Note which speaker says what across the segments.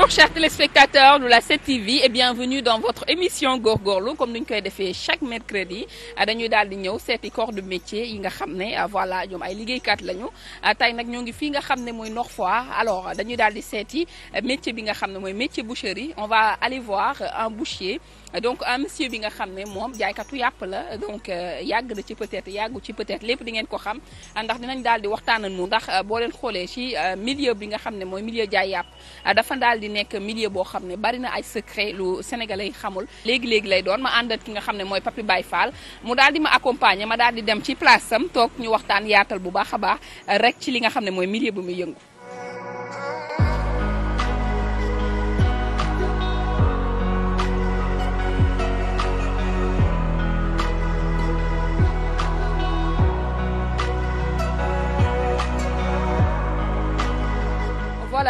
Speaker 1: Bonjour chers téléspectateurs de la 7TV et eh bienvenue dans votre émission góorgóorlu comme ni ñu koy defee chaque mercredi ah, dañuy daal di ñëw seeti corps de métier yi nga xam ne ah, voilà ñoom ay liggéeykat lañu ah, tey nag ñoo ngi fii nga xam ne mooy Nord fois alors dañuy daal di seeti métier bi nga xam ne mooy métier boucherie on va aller voir un boucher. donc un ah, monsieur bi nga xam ne moom jaaykatu yàpp la donc euh, yàgg na ci peut-être yàggu ci peut lépp di ngeen ko xam ah, ndax dinañ daal di waxtaan ak mu ndax ah, boo leen xoolee ci milieu bi nga xam ne mooy milieu jaay yàpp dafa daal nekk milieu boo xam ne bari na ay secret lu sénégal yi xamul léegi léegi lay doon ma àndat ki nga xam ne mooy Papi baay Fall mu daal di ma accompagner ma daal di dem ci place sam toog ñu waxtaan yaatal bu baax a baax rek ci li nga xam ne mooy milieu bu muy yëngu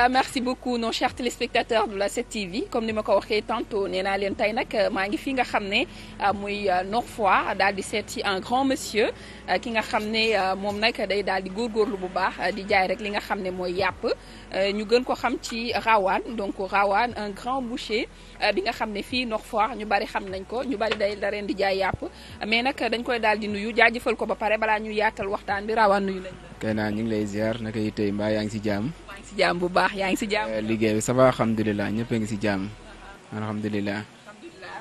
Speaker 1: voilà merci beaucoup nos chers téléspectateurs de la 7TV comme ni ma ko waxee tantôt nee naa leen tey nag maa ngi fi nga xam ne euh, muy euh, Nor fois daal di seet ci un grand monsieur euh, ki nga xam ne moom nag day daal di góorgóorlu bu baax di jaay rek li nga xam ne mooy yàpp ñu gën ko xam ci Rawane donc Rawane un grand boucher bi nga xam ne fii Nor fois ñu bari xam nañ ko ñu bari day da leen di jaay yàpp mais nag dañ koy daal di nuyu jaajëfal ko ba pare balaa ñu yaatal waxtaan bi Rawane nuyu
Speaker 2: naa ñu lay ziar naka yi tey mbaa yaa ngi si jàmm.
Speaker 1: si jàmm bu baax yaa ngi si jàmm. Eh,
Speaker 2: liggéey bi ça va alhamdulilah ñëpp ngi si jàmm alhamdulilah.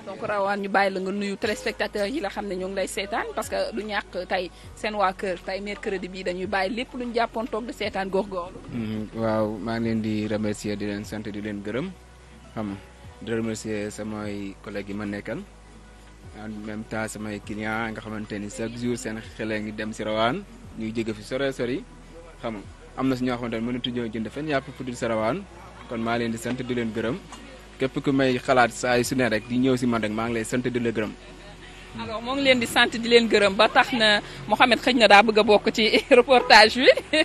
Speaker 1: donc rawaan ñu bàyyi la nga nuyu téléspectateurs yi la xam ne ñoo ngi lay seetaan parce que du ñàkk tey seen waa kër tey mercredi bii dañuy bàyyi lépp lu jàppoon toog di seetaan góorgóorlu.
Speaker 2: Mm-hmm. waaw maa ngi leen di remercier di leen sant di leen gërëm xam di remercier samay collègues yi ma nekkal en même temps samay clients nga xamante ni chaque jour seen xel ngi dem si rawaan ñuy fi sore sori xam am na si ñoo xamante ne mënatu ñoo jënd fenn yàpp fu dul sarawaan kon maa leen di sant di leen gërëm képp ku may xalaat saa su ne rek di ñëw si man rek maa ngi lay sant di la gërëm.
Speaker 1: moo ngi leen di sant di leen gërëm ba tax na Mouhamed xëj na daa bëgg a bokk ci reportage bi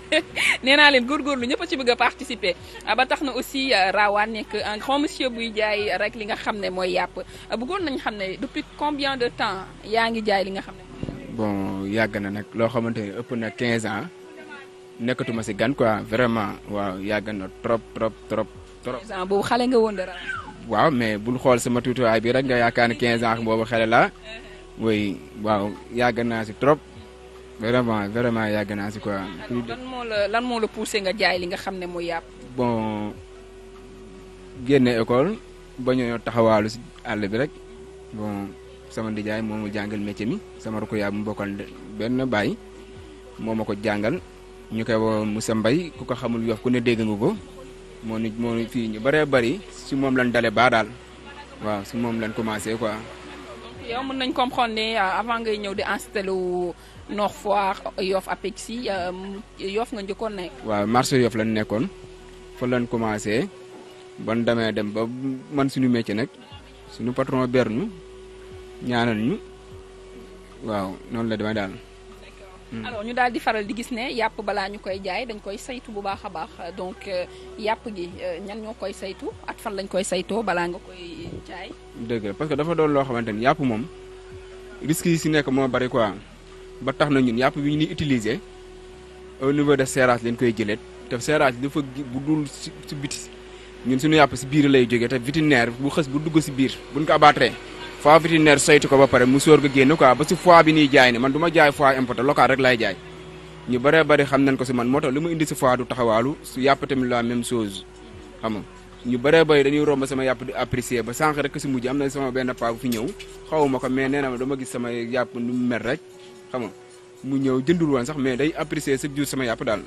Speaker 1: nee naa leen góorgóorlu ñëpp a ci bëgg a participer ah, ba tax na aussi euh, Rawane nekk un grand monsieur buy jaay rek li nga xam ne mooy yàpp ah, bëggoon nañ xam ne depuis combien de temps yaa ngi jaay li nga xam ne.
Speaker 2: yàgg na nag loo xamante ne ëpp na 15 ans. nekkatuma si gan quoi vraiment waaw yàgg na trop trop trop trop. boobu
Speaker 1: xale nga woon dara.
Speaker 2: waaw mais bul xool sama tuutiwaay bi rek nga yaakaar ne 15 ans boobu xale laa. oui waaw yàgg naa si trop. vraiment vraiment yàgg naa si quoi. lan
Speaker 1: moo la lan moo la poussé nga jaay li nga xam ne mooy yàpp.
Speaker 2: bon génne école ba ñoo taxawaalu si àll bi rek bon sama ndijaay moomu jàngal métier mi sama roko yaa mu bokkal benn bàyyi moo ma ko jàngal. ñu koy woo Moussa mbay ku ko xamul Yoff ku ne dégg nga ko moo nit moo nit fii ñu baree bari si moom lañ dale baa daal waaw si moom lañ commencé quoi.
Speaker 1: yow mën nañ comprendre ne euh, avant ngay ñëw di installé wu Nord Foire Yoff Apexi euh, Yoff nga njëkkoon nekk.
Speaker 2: waaw marché Yoff lañ nekkoon fa lañ commencé ban demee dem ba man suñu métier nag suñu patron bernu ñaanal ñu waaw noonu la demee daal. Mm.
Speaker 1: alors ñu daal di faral di gis ne yàpp balaa ñu koy jaay dañ koy saytu bu baax a baax donc euh, yàpp gi euh, ñan ñoo koy saytu at fan lañ koy saytoo balaa nga koy jaay.
Speaker 2: dëgg parce que dafa doon loo xamante ni yàpp moom risque yi si nekk moo bari quoi ba tax na ñun yàpp bi ñu ni utiliser au niveau de serrage lañ koy jëleet te serrage dafa bu dul si si biti ñun suñu yàpp si biir lay jógee te vétérinaire bu xës bu dugg si biir buñ ko abattre. foie vétérinaire saytu ko ba pare mu sóor ga génn quoi ba si foie bi nii jaay ni man du ma jaay foie importé local rek laay jaay ñu bëree bëri xam nañ ko si man moo tax lu ma indi si foie du taxawaalu su yàpp tamit la même chose xam ñu bëree bëri dañuy romb sama yàpp di apprécier ba sànq rek si mujj am na sama benn paa bu fi ñëw xawuma ko mais nee na ma dama gis sama yàpp nu mu mer rek xam mu ñëw jëndul woon sax mais day apprécier chaque jour sama yàpp daal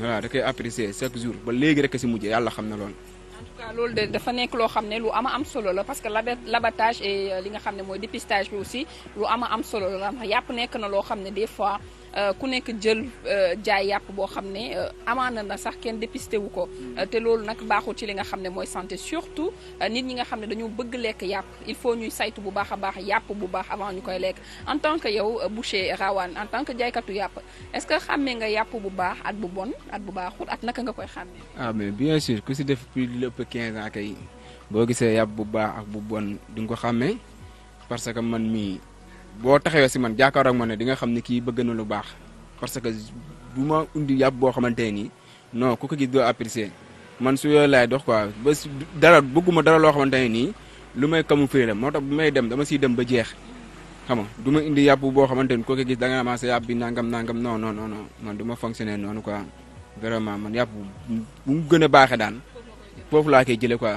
Speaker 2: voilà da koy apprécier chaque jour ba léegi rek si mujj yàlla xam na loolu en tout cas
Speaker 1: loolu de dafa nekk loo xam ne lu ama am solo la parce que l'abattage et euh, li nga xam ne mooy dépistage bi aussi lu ama am solo la yàpp nekk na loo xam ne des fois Euh, ku nekk jël euh, jaay yàpp boo xam ne euh, amaana na sax kenn dépisté wu ko mm. te loolu nag baaxul ci li nga xam ne mooy santé surtout nit ñi nga xam ne dañoo bëgg lekk yàpp il faut ñuy saytu bu baax a baax yàpp bu baax avant ñu koy lekk en tant que yow boucher Rawane en tant que jaaykatu yàpp est-ce que xàmmee nga yàpp bu baax at bu bon at bu baaxul at naka nga koy xàmmee.
Speaker 2: en ah, mais bien sûr ku si def plus lépp 15 ans kay boo gisee yàpp bu baax ak bu bon di nga ko xàmmee parce que man mii. boo taxawee si man jaakaar ak ma ne di nga xam ne kii bëgg na lu baax parce que bu ma undi yàpp boo xamante ne nii non ku ko gis doo man su laay dox quoi ba dara bëgguma dara loo xamante ne nii lu may camoufler la moo tax bu may dem dama siy dem ba jeex xam nga du ma indi yàpp boo xamante ni ku ko gis da nga amancé ah, yàpp bi nangam nangam non non non man du ma fonctionner noonu quoi vraiment man yàpp bu mu gën a baaxee daan foofu laa koy jëlee quoi.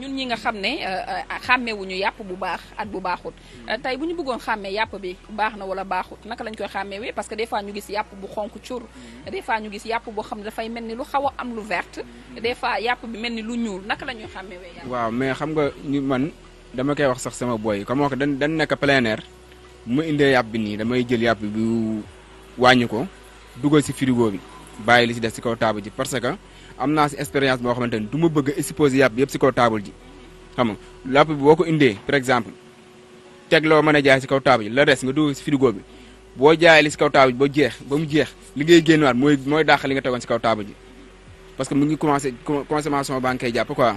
Speaker 1: ñun ñi nga xam ne euh, euh, xàmmewuñu yàpp bu baax at bu baaxut mm. euh, tey bu ñu bëggoon xàmmee yàpp bi baax na wala baaxut naka lañ koy xàmmewee parce que des fois ñu gis yàpp bu xonk cur mm. des ñu gis yàpp boo xam ne dafay mel ni lu xaw a am lu verte mm. des fois yàpp bi mel ni lu ñuul naka la ñuy
Speaker 2: xàmmewee waaw mais xam nga ñu man dama koy wax sax sama boy comme wax dan dan nekk plein air mu indee yàpp bi nii damay jël yàpp bi wàññi ko dugal si frigo bi bàyyi li si def si kaw taabu ji parce que am naa si expérience boo xamante ni du ma bëgg a exposer yàpp yëpp si kaw taabal ji xam nga yàpp bi boo ko indee par exemple teg loo mën a jaay si kaw taabal ji la des nga dugg si frigo bi boo jaayee li si kaw taabal ji ba jeex ba mu jeex liggéey ngay génnaat mooy mooy dàq li nga tegoon si kaw taabal ji parce que mu ngi commencé consommation baa ngi koy jàpp quoi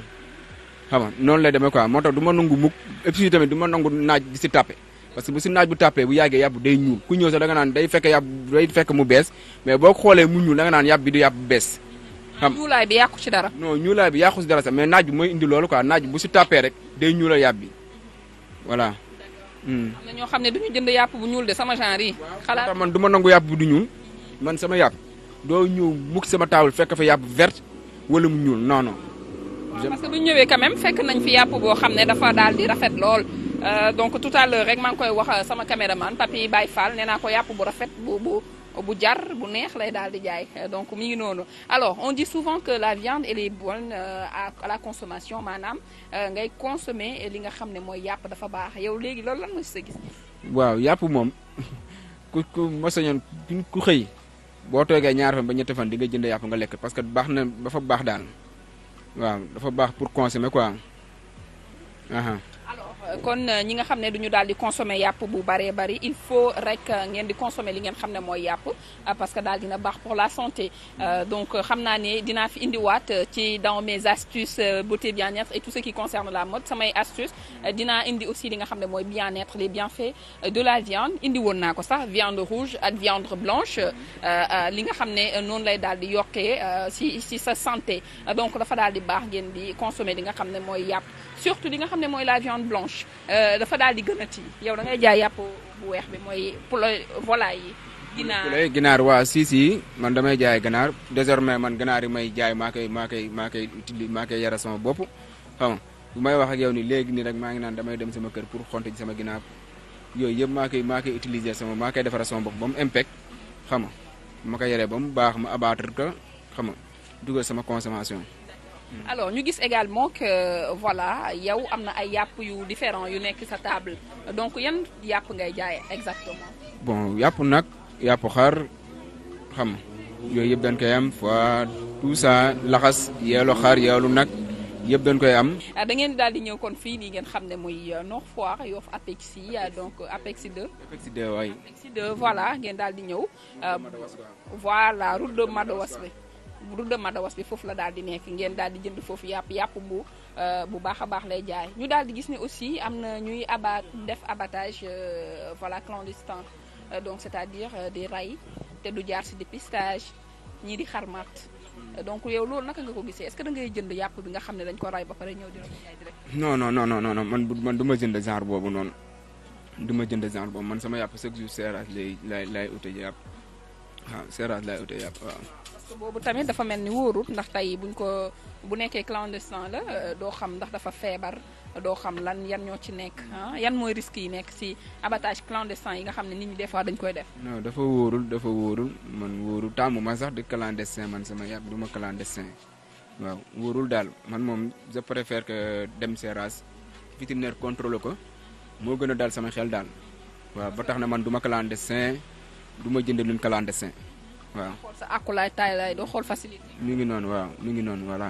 Speaker 2: xam nga noonu lay demee quoi moo tax du ma nangu mukk et puis tamit du ma nangu naaj di si tàppe parce que bu si naaj bu tàppee bu yàggee yàpp day ñuul nga naan day fekk yàpp mu bees mais boo xoolee mu ñuul da naan yàpp bi du yàpp bees xam ñuulaay
Speaker 1: bi yàqu ci dara.
Speaker 2: non ñuulaay bi yàqu ci dara sax mais naaj bi mooy indi loolu kaa naaj bu si tàppee rek day ñuulal yàpp bi voilà. Hmm. am
Speaker 1: na ñoo xam ne du ñu jënd yàpp bu ñuul de sama genre yi. xalaat
Speaker 2: man du ma nangu yàpp bu du ñuul man sama yàpp doo ñëw mukk sama taabul fekk fa yàpp vert wala mu ñuul noonu non. parce
Speaker 1: que bu ñëwee quand même fekk nañ fi yàpp boo xam ne dafa daal di rafet lool. Euh, donc tout à rek maa ngi koy wax euh, sama caméraman Papi Baye Fall nee naa ko yàpp bu rafet bu bu bu jar bu neex lay daal di jaay euh, donc mi ngi noonu alors on dit souvent que la viande elle est bonne la consommation maanaam ngay consommer li nga xam ne mooy yàpp dafa baax yow léegi loolu lan nga si sa gis.
Speaker 2: waaw yàpp moom ku ku ma sañoon ku xëy boo toogee ñaar fan ba ñetti fan di nga jënd yàpp nga lekk parce que baax na dafa baax daal waaw dafa baax pour consommer quoi.
Speaker 1: kon euh, ñi nga xam ne du ñu daal di consommer yàpp bu bëree bëri il faut rek euh, ngeen di consommer li ngeen xam ne mooy yàpp euh, parce que daal dina baax pour la santé donc xam naa ne dinaa fi indiwaat ci dans mes astuces beauté bien-être et tout ce qui concerne la mode samay astuces dina indi aussi li nga xam ne mooy bien-être les bienfaits de la viande indi woon naa ko sax viande rouge ak viande blanche li nga xam ne noonu lay daal di yokkee si si sa santé donc dafa daal di baax ngeen di consommer li nga xam ne mooy yàpp surtout li xam ne mooy la viande blanche rouge euh, dafa daal di gën a tii yow da ngay jaay yàpp bu weex bi mooy poulet volaille yi.
Speaker 2: ginaar waa si si man damay jaay ganaar désormais man ganaar yi may jaay maa koy maa koy maa yara sama bopp xam nga may wax yow ni léegi nii rek maa ngi naan damay dem sama kër pour xonte ji sama ginaar yooyu yëpp maa koy maa utiliser sama maa koy defara sama bopp ba mu impact ma ko yoree ba mu baax ma abattre ko xam nga dugal sama consommation.
Speaker 1: Mm. alors ñu gis également que euh, voilà yow am na ay yàpp yu différent yu nekk sa table donc yan yàpp ngay jaay exactement.
Speaker 2: bon yàpp nag yàpp xar xam yooyu yëpp dañ koy am fois tout ça laxas yeelu xar yeelu nag yëpp dañ koy am.
Speaker 1: Ah, da ngeen daal di ñëw kon fii nii ngeen xam ne mooy euh, Nord fois Yoff Apexi euh, donc Apexi 2.
Speaker 2: Apexi
Speaker 1: 2 voilà ngeen daal di ñëw. voilà route de Madowas bi. du dem a Madawas bi foofu la daal di nekk ngeen daal di jënd foofu yàpp yàpp bu euh, bu baax a baax lay jaay ñu daal di gis ne aussi am na ñuy abat def abatage euh, voilà clandestin euh, donc c'est-à-dire di rey te du jaar si ci dépistage ñii di xarmat donc yow loolu naka nga ko gisee est-ce jënd yàpp bi nga xam ne dañ ko rey ba pare
Speaker 2: ñëw di non non non non non man man du ma jënd genre boobu noonu du ma jënd genre boobu man sama yàpp chaque jour seeraat lay lay laay ute yàpp ah Seras laay utee yàpp waaw.
Speaker 1: boobu tamit dafa mel ni wóorut ndax tey buñ ko bu nekkee clandestin la euh, doo xam ndax dafa feebar doo xam lan yan ñoo ci nekk ah, yan mooy risques yi nekk si abattage clandestin yi nga xam ne nit ñi des fois dañ koy def.
Speaker 2: dafa wóorul dafa wóorul man wóorul tàmm ma sax di clandestin man sama yàpp duma ma clandestin waaw wóorul daal man moom je préfère que dem Seras vétérinaire contrôlé ko moo gën a daal sama xel daal waaw tax du ma clandestin. du ma jënd luñ clandestin waaw.
Speaker 1: xool sa àqu laay doo xool facilité.
Speaker 2: mi ngi noonu waaw mi ngi noonu voilà.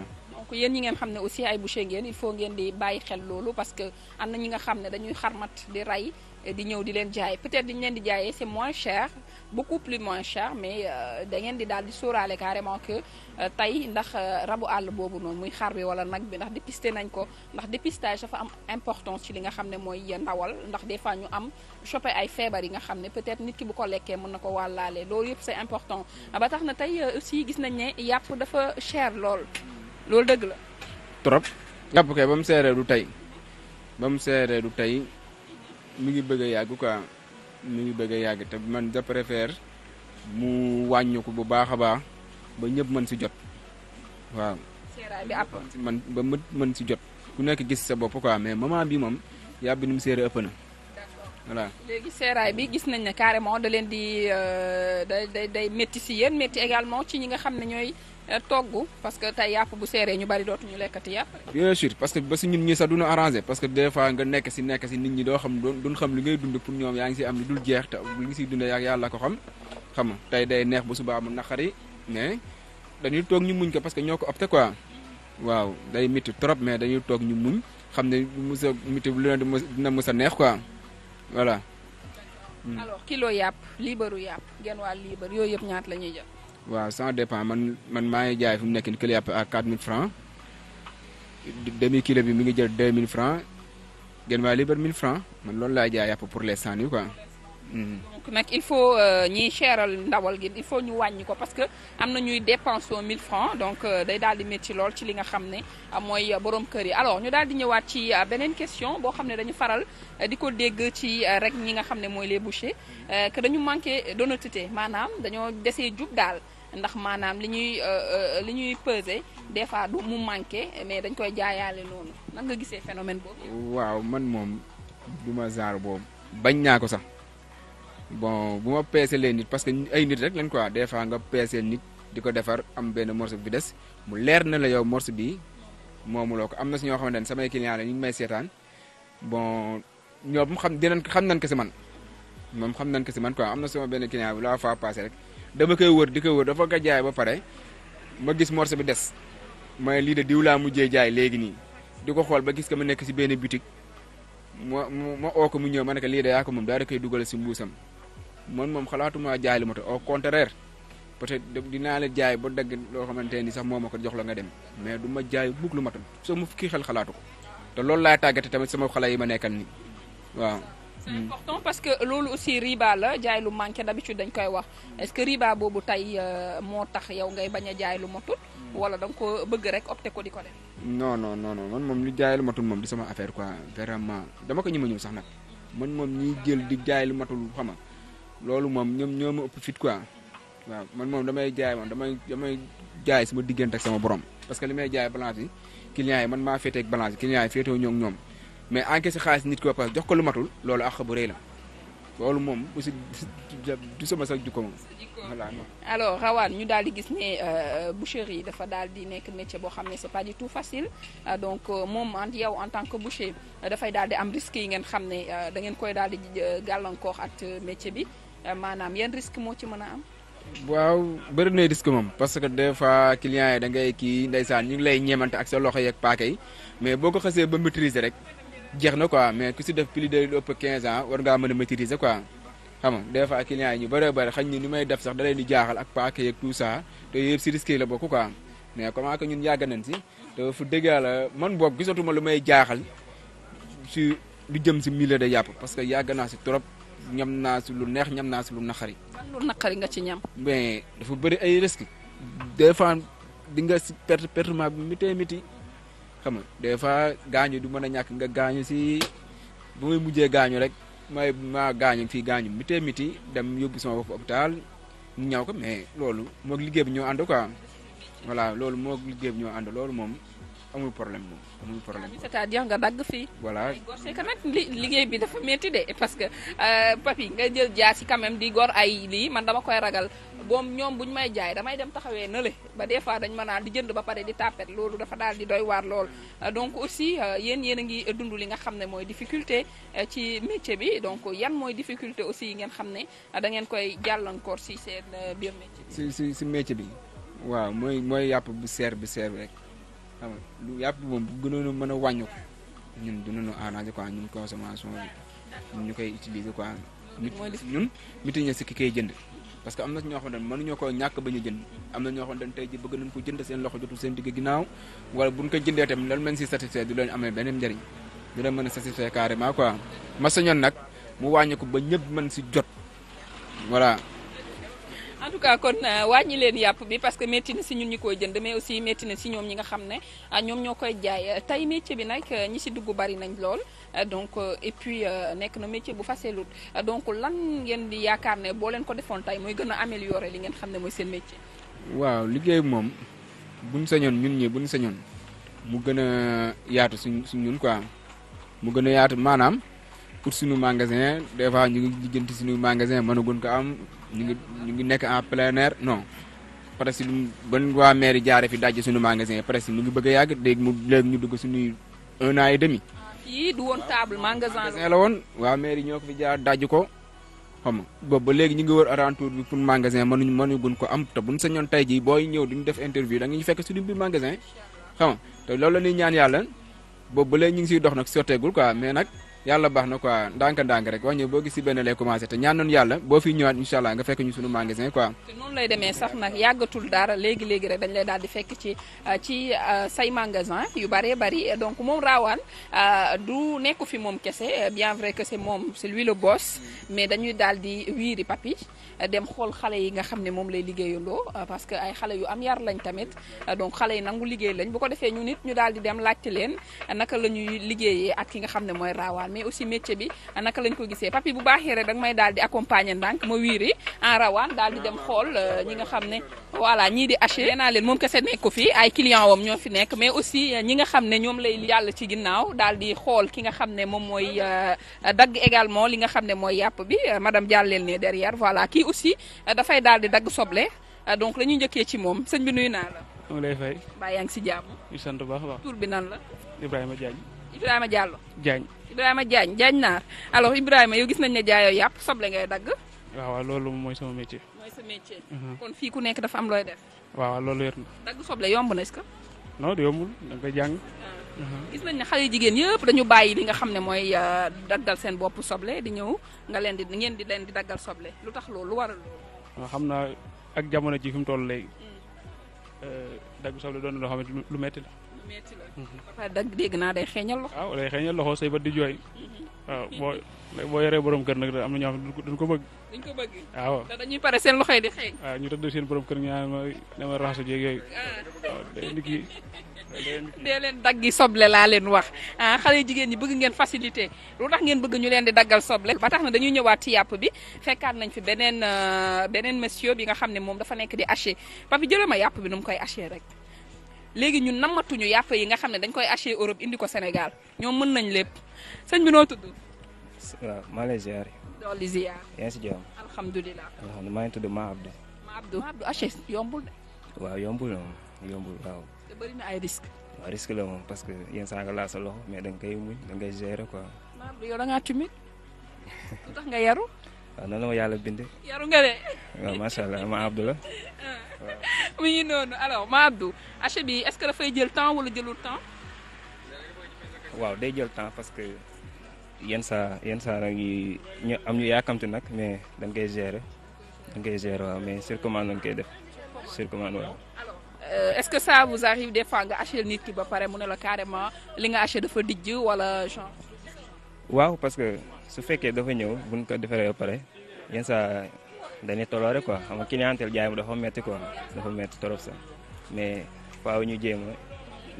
Speaker 1: donc yéen ñi ngeen xam ne aussi ay boucher ngeen il faut ngeen di bàyyi xel loolu parce que am na ñi nga xam ne dañuy xarmat di rey di ñëw di leen jaay peut-être di ñu leen di jaayee c'est moins cher beaucoup plus moins cher mais euh, da ngeen di daal di sooraale carrément que euh, tey ndax euh, rabu àll boobu noonu muy xar bi wala nag bi ndax dépisté nañ ko ndax dépistage dafa am importance ci li nga xam ne mooy ndawal ndax des fois ñu am chopé ay feebar yi nga xam ne peut-être nit ki bu ko lekkee mën na ko wàllaale loolu yëpp c'est important ba tax na tey aussi gis nañ ne yàpp dafa cher lool. loolu dëgg la.
Speaker 2: trop yàpp kay ba mu seeree du tey ba mu seeree du tey mu ngi bëgg a yàgg quoi mi ngi bëgg a yàgg te man je préfère mu wàññi bu baax a baax ba ñëpp mën si jot waaw. seeraay bi àpp man mën si jot ku nekk gis sa bopp quoi mais moment bii moom yàpp bi ni mu seeree ëpp na. voilà
Speaker 1: léegi seeraay bi gis nañ ne carrément da leen di euh, day day day métti si yéen métti également ci ñi nga xam ne ñooy Euh, togg parce que tey yàpp bu seeree ñu bari dootuñu lekkati yàpp.
Speaker 2: bien sûr parce que ba si ñun ñii sax duñu arrangé parce que des fois nga nekk si nekk si nit ñi doo xam duñ xam li ngay dund pour ñoom yaa ngi si am lu dul jeex te li ngi siy dundee xam xam tey day neex bu subaa mu naqari mais dañuy toog ñu muñ ko parce que ñoo ko opté quoi waaw day métti trop mais dañuy toog ñu muñ xam ne mos a métti lu ne dina mos a neex quoi voilà. Hmm. alors
Speaker 1: kilo yàpp liibaru yàpp genn wàll liibar yooyu yëpp ñaat la ñuy jël.
Speaker 2: waaw ça dépend man man maa ngi jaay fi mu nekk nii kilo yàpp à 4000 francs demi kilo bi mi ngi jël 2000 francs gën maa libre 1000 francs man loolu laay jaay yàpp pour les sànni quoi. Mm-hmm.
Speaker 1: donc nag il faut euh, ñiy cheral ndawal gi il faut ñu wàññi ko parce que am na ñuy dépense mille francs donc euh, day daal di lool ci li nga xam ne euh, mooy borom kër yi alors ñu daal di ñëwaat ci beneen question boo xam ne dañu faral di ko dégg ci rek ñi nga xam ne mooy les bouchers dañu manqué d'honnêteté maanaam dañoo desee jub daal. ndax maanaam li ñuy euh, euh, li ñuy peser des fois du mu manqué mais dañ koy jaayaale noonu nan nga gisee phénomène boobu.
Speaker 2: waaw man moom du genre boobu bañ naa ko sax bon bu ma peeselee nit parce que ay nit rek lañ quoi des fois nga peesee nit di ko defar am benn morceau bi des mu leer na la yow morceau bi moomuloo ko am na si ñoo xam ne samay client la ñu ngi may seetaan bon ñoom xam dinañ xam nañ ko si man moom xam nañ ko si man quoi am na sama benn client bi la fois passé rek. dama koy wër di koy wër dafa ko jaay ba pare ma gis morceau bi des ma lii de diw laa mujjee jaay léegi nii di ko xool ba gis ko ma nekk si benn boutique ma ma oo ko mu ñëw ma ne lii de yaa ko moom daal di koy dugal si mbuusam man moom xalaatuma jaay lu ma te au contraire peut-être dinaa la jaay ba dagg loo xamante ni sax moom ma ko jox la nga dem mais du ma jaay mukk lu ma tam soo ma fukki xel xalaatu ko te loolu laay tàggate tamit sama xale yi ma nekkal nii waaw. c'est hmm.
Speaker 1: important parce que loolu aussi riba la jaay lu manqué d'habitude dañ koy wax est-ce que riba boobu tey euh, moo tax yow ngay bañ a jaay lu matut hmm. wala da nga ko bëgg rek opté ko di ko def
Speaker 2: non non non man moom lu jaay lu matul moom di sama affaire quoi vraiment dama ko ñëma ñëw sax nag man moom ñiy jël di jaay lu matul xama loolu moom ñoom ñoo ma ëpp fit quoi man moom damay jaay moom damay damay jaay sama diggante ak sama borom parce que li may jaay balance yi clients yi man maa féetee ak balance yi ñoom ñoom mais encaissé xaalis nit ko pare jox ko lumatul matul loolu àq bu rëy la loolu moom aussi du sama sax jukko moom voilà
Speaker 1: alors Rawane ñu daal di gis ne euh, boucherie dafa daal di nekk métier boo xam ne c'est pas du tout facile euh, donc euh, moom en yow en tant que boucher dafay daal di am risques yi ngeen xam ne da ngeen koy daal di gàllankoor ak métier bi maanaam yan risque moo ci mën a am.
Speaker 2: waaw bëri na risque moom parce que des fois yi da ngay kii ndeysaan ñu ngi lay ñeemante ak sa loxo yeeg paaka yi mais boo ko xasee ba maîtriser rek. jeex na quoi mais ku si def plus de lu ëpp 15 ans war ngaa mën a maîtriser quoi xam nga des fois clients yi ñu bëree bëri xañ ni ni may def sax da leen di jaaxal ak paaka yeeg tout ça te yëpp si risque yi la bokk quoi mais comment que ñun yàgg nañ si te fu dëgg yàlla man boog gisatuma lu may jaaxal si lu jëm si milieu de yàpp parce que yàgg naa si trop ñam naa si lu neex ñam naa si lu naqari.
Speaker 1: lu naqari nga ci ñam.
Speaker 2: mais dafa bëri ay risques. des fois si perte pertement bi miti miti xam des fois gaañu du mën a ñàkk nga gaañu si ba muy mujjee gaañu rek may maa gaañu fii gaañu mitee miti dem yóbbu sama bopp hôpital ñu ñaw ko mais loolu moog liggéey bi ñoo ànd quoi voilà loolu moog liggéey bi ñoo ànd loolu moom amul problème moom amul problème.
Speaker 1: c'est-à-dire nga dagg fii. voilà c'est que nag li liggéey bi dafa métti de parce que euh, papi nga jël jaasi quand même di gor ay lii man dama koy ragal boom ñoom bu ñu may jaay damay dem taxawee nële ba des fois dañ ma naan di jënd ba pare di tàppet loolu dafa daal di doy waar lool. Euh, donc aussi euh, yéen yéen a ngi dund li nga xam ne mooy difficulté ci métier bi donc yan mooy difficulté aussi ngeen xam ne da ngeen koy jàllankoor si seen biir
Speaker 2: si si bi waaw mooy mooy yàpp bu seer bi rek. xam nga lu yàpp moom bu gënoon a mën a wàññi ko ñun dinañu arranger quoi ñun consommation bi ñu koy utiliser quoi. ñun mitiñe si ki koy jënd. parce que am na ñoo xam mën mënuñoo koo ñàkk ba ñu jënd am na ñoo xam te bëgg nañ ko jënd seen loxo jotul seen digg ginnaaw wala buñ ko jëndee tamit lan mën si satisfait du leen amee beneen njëriñ du leen mën a satisfait carrément quoi ma sañoon nag mu wàññi ko ba ñëpp mën si jot voilà.
Speaker 1: en tout cas kon euh, wàññi leen yàpp bi parce que métti na si ñun ñi koy jënd mais aussi métti na si ñoom ñi nga xam ne euh, ñoom ñoo koy jaay euh, tey métier bi nag ñi si dugg bari nañ lool donc et puis nekk na métier bu faselut donc lan ngeen di yaakaar ne boo leen ko defoon tey mooy gën a améliorer li ngeen xam ne mooy seen métier.
Speaker 2: waaw liggéey moom buñ sañoon ñun ñi buñ sañoon mu gën a yaatu suñ suñ ñun quoi mu gën a yaatu maanaam pour suñu magasin des fois ñu ngi jigganti magasin mënaguñ ko am. ñu ngi ñu ngi nekk en plein air non presque ban waa mairie jaare fi dajje suñu magasin presque mu ngi bëgg a yàgg mu léegi ñu dugg suñuy un an et demi.
Speaker 1: yii du woon table magasin la woon
Speaker 2: waa mairie ñoo ko fi jaar dajj ko xam nga boobu ba ñu ngi war alentour bi pour magasin mënuñu mënuñu ko am te buñ sañoon tey jii booy ñëw duñu def interview da nga ñu fekk suñu biir magasin xam nga te la ñuy ñaan yàlla boobu ba ñu ngi siy dox nag sotteegul ko mais nag. yàlla baax na quoi ndànk-ndànk rek wax ñu boo gis si benn lay commencé te ñaan nañu yàlla boo fi ñëwaat incha nga fekk ñu sunu magasin quoi.
Speaker 1: te lay demee sax nag yàggatul dara léegi léegi rek dañ lay daal fekk ci euh, euh, say magasin yu bëree bëri donc moom raawaan euh, du nekk fi moom kese bien vrai que moom c'est lui le boss mais dañuy daal di wiiri papi dem xool xale yi nga xam ne moom lay liggéeyandoo parce que ay xale yu am yar lañ tamit donc xale yi nangu liggéey lañ bu ko defee ñu nit ñu la ñuy liggéeyee mais aussi métier bi naka lañ ko gisee papi bu baaxee rek danga may daal di accompagner ndànk ma wiiri en rawaan daal di dem xool euh, ñi nga xam ne voilà ñii di haché e. naa leen moom kese nekk ko fi ay client wam ñoo fi nekk mais aussi euh, ñi nga xam ne ñoom lay yàlla ci ginnaaw daal di xool ki nga xam ne moom mooy euh, dagg également li nga xam ne mooy yàpp bi ma madame jàlleel ne derrière voilà kii aussi dafay daal di dagg soble donc la ñuy njëkkee ci moom sëñ bi nuy naa la. maa yaa ngi si jàmm.
Speaker 2: sant bu bi nan la. Ibrahima
Speaker 1: Ibrahima Diallo. Diagne Ibrahima Diagne jaañ Naar alors Ibrahima yow gis nañ ne jaayoo yàpp soble ngay dagg.
Speaker 3: waaw waaw loolu mooy sama métier. Mhm.
Speaker 1: kon fii ku nekk dafa am looy def.
Speaker 2: waaw loolu wér na.
Speaker 1: dagg soble yomb na est-ce que.
Speaker 2: non yombul da ah. mhm.
Speaker 1: jigéen yëpp dañu bàyyi li nga xam ne mooy euh, daggal seen bopp soble di ñëw nga leen di ngeen di leen di daggal soble lu tax loolu lu waral loolu.
Speaker 2: waaw xam naa ak jamono ji fi mu toll léegi. Mm. Euh, dagg soble doon na loo xam ne lu métti la. metti
Speaker 1: la. dagg dégg naa day xeeñal loxo. waaw day
Speaker 2: xeeñal loxo jooy. waaw boo boo yoree borom kër nag am na ñoo xam duñ ko bëgg. duñ ko
Speaker 1: dañuy pare seen loxo yi di xeeñ.
Speaker 2: waaw ñu tëdd seen borom kër ñu naan ma dama raxasu yooyu. Ah. waaw day nit ki
Speaker 1: daggi soble laa leen wax ah xale jigéen ñi bëgg ngeen facilité lu tax ngeen bëgg ñu leen di daggal soble ba tax na dañuy ñëwaat ci yàpp bi fekkaat nañ fi beneen euh, beneen monsieur bi nga xam ne moom dafa nekk di haché papi jëlal ma yàpp bi nu mu koy haché rek léegi ñun namatuñu yàpp yi nga xam ne dañ koy acheter Europe indi ko senegal ñoom mën nañ lépp sëñ bi noo tudd.
Speaker 3: waaw maa ngi lay ziar.
Speaker 1: dool di ziar. yaa si jàmm. alhamdulilah.
Speaker 3: maa ngi tudd Ma Abdou.
Speaker 1: Ma Abdou Ma Abdou acheter yombul
Speaker 3: waaw yombul yombul waaw.
Speaker 1: te bëri na ay risque
Speaker 3: waaw risque la moom parce que yenn saa nga laal loxo mais da nga koy muñ da nga koy gérer quoi.
Speaker 1: Ma Abdou yow da nga yaru.
Speaker 3: waaw noonu yàlla bind. yaru nga de. waaw macha allah ma Abdou la.
Speaker 1: noonu alors ma Abdou achat bi est-ce que dafay jël temps wala jëlul temps.
Speaker 3: waaw day jël temps parce que yenn saa yenn saa nag ñu am ñu yaakamti nag mais dañ koy gérer dañ koy gérer waaw mais sur commande lañ koy def sur commande waaw. alors
Speaker 1: euh, est-ce que ça vous arrive des fois nga acheter nit ki ba pare mu ne la carrément li nga acheter dafa dijj wala genre.
Speaker 3: waaw parce que su fekkee dafa ñëw buñ ko defaree ba pare yenn saa dañuy toloore quoi xam nga clientèle jaay mu dafa metti quoi dafa metti trop sax mais faaw ñu jéem a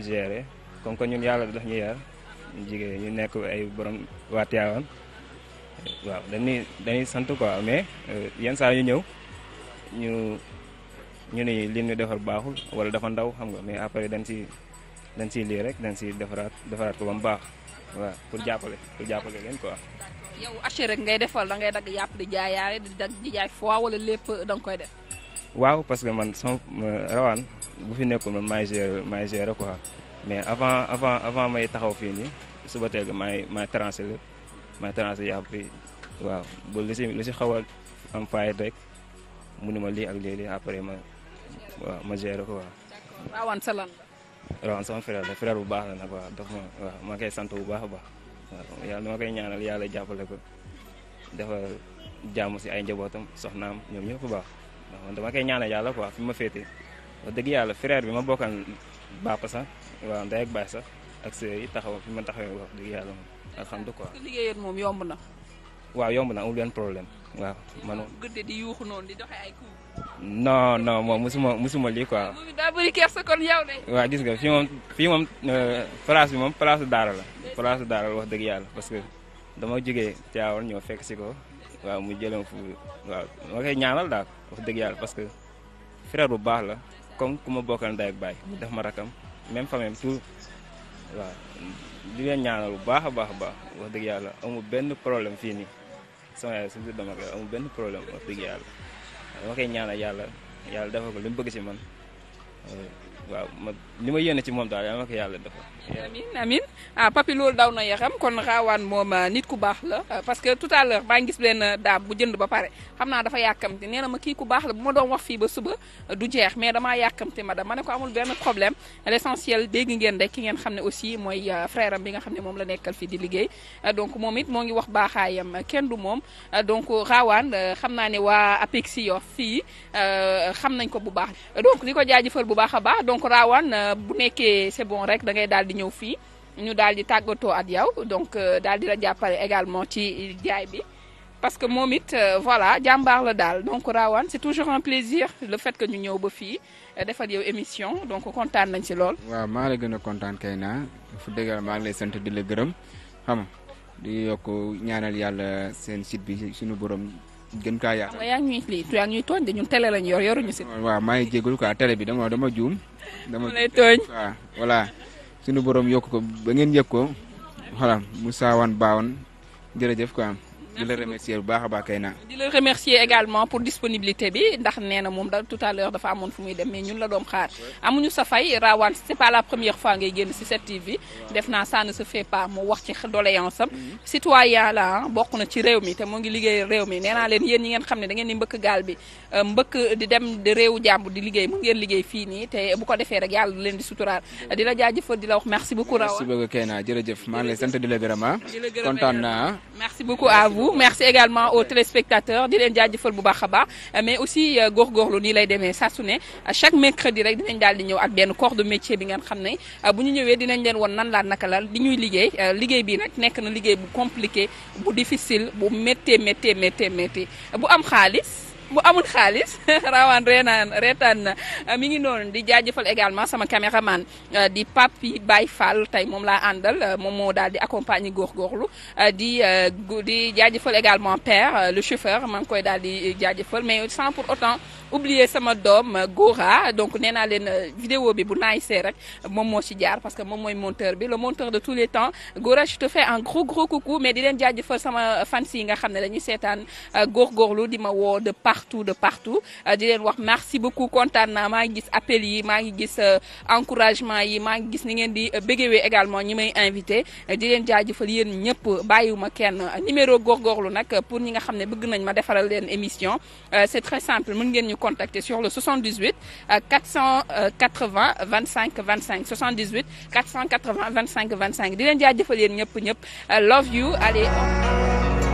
Speaker 3: gérer comme que ñun yàlla daf ñu yar jigéen ñu nekk ay borom waa dañuy dañuy sant quoi mais euh, yenn saa ñu ñëw ñu ñu ni li ñu defar baaxul wala dafa ndaw xam nga mais après dañ si dañ siy lii rek dañ si defaraat defaraat ko ba baax. waaw pour jàppale pour jàppale leen quoi.
Speaker 1: yow acheter rek ngay defal da ngay dagg yàpp di jaayaare di dagg di jaay foie wala lépp danga koy def.
Speaker 3: waaw parce que man sama euh, rawaan bu fi nekkul man maay gérer maay gérer quoi mais avant avant avant may taxaw fii nii suba teel maay maay trancé la maay trancé yàpp bi waaw ba li si li si xaw a am faay rek mu ne ma lii ak léeg-léeg ma waaw ma ko waaw. Rawaan sama frère bu baax la nag waaw daf ma waaw bu baax a baax waaw yàlla dama ñaanal yàlla jàppale ko dafa jàmm si ay njabootam soxnaam ñoom ñëpp bu baax waaw dama kay ñaanal yàlla quoi fi ma féetee dëgg yàlla frère bi ma bokkal bàpp sax waaw ndey ak sax ak sœur yi fi ma taxawee wax dëgg yàlla moom alhamdulilah.
Speaker 1: liggéeyat moom yomb na.
Speaker 3: waaw yomb na amul benn problème. waaw man.
Speaker 1: guddi di yuuxu noonu di doxee ay coups.
Speaker 3: non non moom mosuma mosuma lii quoi. moom
Speaker 1: daa bëri kersa waaw
Speaker 3: gis nga fii moom fii moom euh, place bi moom place daara la. place daara wax dëgg yàlla parce que dama jógee Thiawane ñoo fekk si ko waaw mu jëlam fu waaw ma koy ñaanal daal wax dëgg yàlla parce que frère bu baax la comme ku ma bokkal ndey ak baay daf ma rakam même famille tout waaw di leen ñaanal bu baax a baax a baax wax dëgg yàlla amul benn problème fii nii. sama yaay si biir dama koy amul benn problème wax dëgg yàlla dama koy ñaanal yàlla yàlla defal ko li mu bëgg si man waaw ma li ma yéene ci moom daal yàlla na ko yàlla defal.
Speaker 1: amin amin ah loolu daw na yaxam kon raawaan moom ah, nit ku baax la. Ah, parce que tout à l'heure maa ngi gis benn ah, daam bu jënd ba pare xam naa dafa yàkkamti nee na ma kii ku baax la bu ma doon wax fii ba suba du jeex mais damaa yàkkamti ma dama ne ko amul benn problème l'essentiel dégg ngeen rek ki ngeen xam ne aussi mooy frère bi nga xam ne moom la nekkal fii di liggéey donc moom it moo ngi wax baaxaayam kenn du moom donc raawaan xam naa ne waa APEXI yo fii xam nañ ko bu baax donc di ko jaajëfal bu baax baax donc Rawane euh, bu nekkee c'est bon rek da ngay daal di ñëw fii ñu daal di tàggatoo ak yow donc euh, daal di la jàppale également ci jaay bi parce que moom it euh, voilà jàmbaar la daal donc Rawane c'est toujours un plaisir le fait que ñu ñëw ba fii defal yow émission donc kontaan nañ ci lool.
Speaker 2: waaw maa la gën a kontaan kay naa fu dëggal maa ngi lay sant di la gërëm xam di yokk ñaanal yàlla seen site bi suñu borom. gën kaa yaatu.
Speaker 1: yaa ngi ñuy lii tu yaa ñuy tooñ de ñun télé lañ yor yoruñu si.
Speaker 2: waaw maa ngi jégalu quoi télé bi dama dama juum. dama lay tooñ waaw voilà suñu yokk ko ba ngeen yëg ko voilà Moussa Wane Bawane jërëjëf quoi. di la remercier bu baax a baax kay naa
Speaker 1: di la remercier également pour disponibilité bi ndax nee moom da tout dafa amoon fu muy dem mais ñun la doom xaar amuñu sa fay raawaan c'est pas la première fois ngay génn ci cette TV def naa ça ne fait pas mu wax ci doléance am citoyen la ah, bokk na ci réew mi te mu ngi liggéey réew mi nee naa leen yéen ñi ngeen xam ne da ngeen di mbëkk gaal bi euh, mbëkk di dem réewu jàmbur di liggéey mu ngeen liggéey fii nii te bu ko defee rek yàlla leen di suturaal di la jaajëfal di la
Speaker 2: la gërëm ah kontaan naa ah.
Speaker 1: merci beaucoup beaucoup merci également aux téléspectateurs di leen jaajëfal bu baax a baax mais aussi euh, góorgóorlu nii lay demee saa su ne chaque mercredi rek dinañ daal di ñëw ak benn corps de métier bi ngeen xam ne euh, bu ñu ñëwee dinañ leen woon nan laa naka la li ñuy liggéey euh, liggéey bi nag nekk na liggéey bu compliqué bu difficile bu méttee méttee méttee méttee bu am xaalis mu amul xaalis raawaan reenaan reetaan na euh, mi ngi noonu di jaajëfal également sama caméraman euh, di Papi baay Fall tey moom laa àndal euh, moom moo daal di accompagner lu di di jaajëfal également père le chauffeur maa ngi koy daal di jaajëfal mais sans pour autant oublier sama doom Gora donc nee naa leen vidéo bi bu naay see rek moom moo ci jaar parce que moom mooy monteur bi le monteur de tous les temps Gora je te fais un gros gros coucou mais di leen jaajëfal sama fans yi nga xam ne dañuy seetaan góorgóorlu di ma woo de partout de partout euh, di leen wax merci beaucoup kontaan naa maa ngi gis appel yi maa ngi gis euh, encouragement yi maa ngi gis ni ngeen di euh, bégewee également ñi may invité di leen jaajëfal yéen ñëpp bàyyiwuma kenn numéro góorgóorlu nag pour ñi nga xam ne bëgg nañ ma defaral leen émission c'est très simple mën ngeen ñu contacter sur le 78 480 25 25 78 480 25 25 di leen jaajëfal yéen ñëpp ñëpp love you allez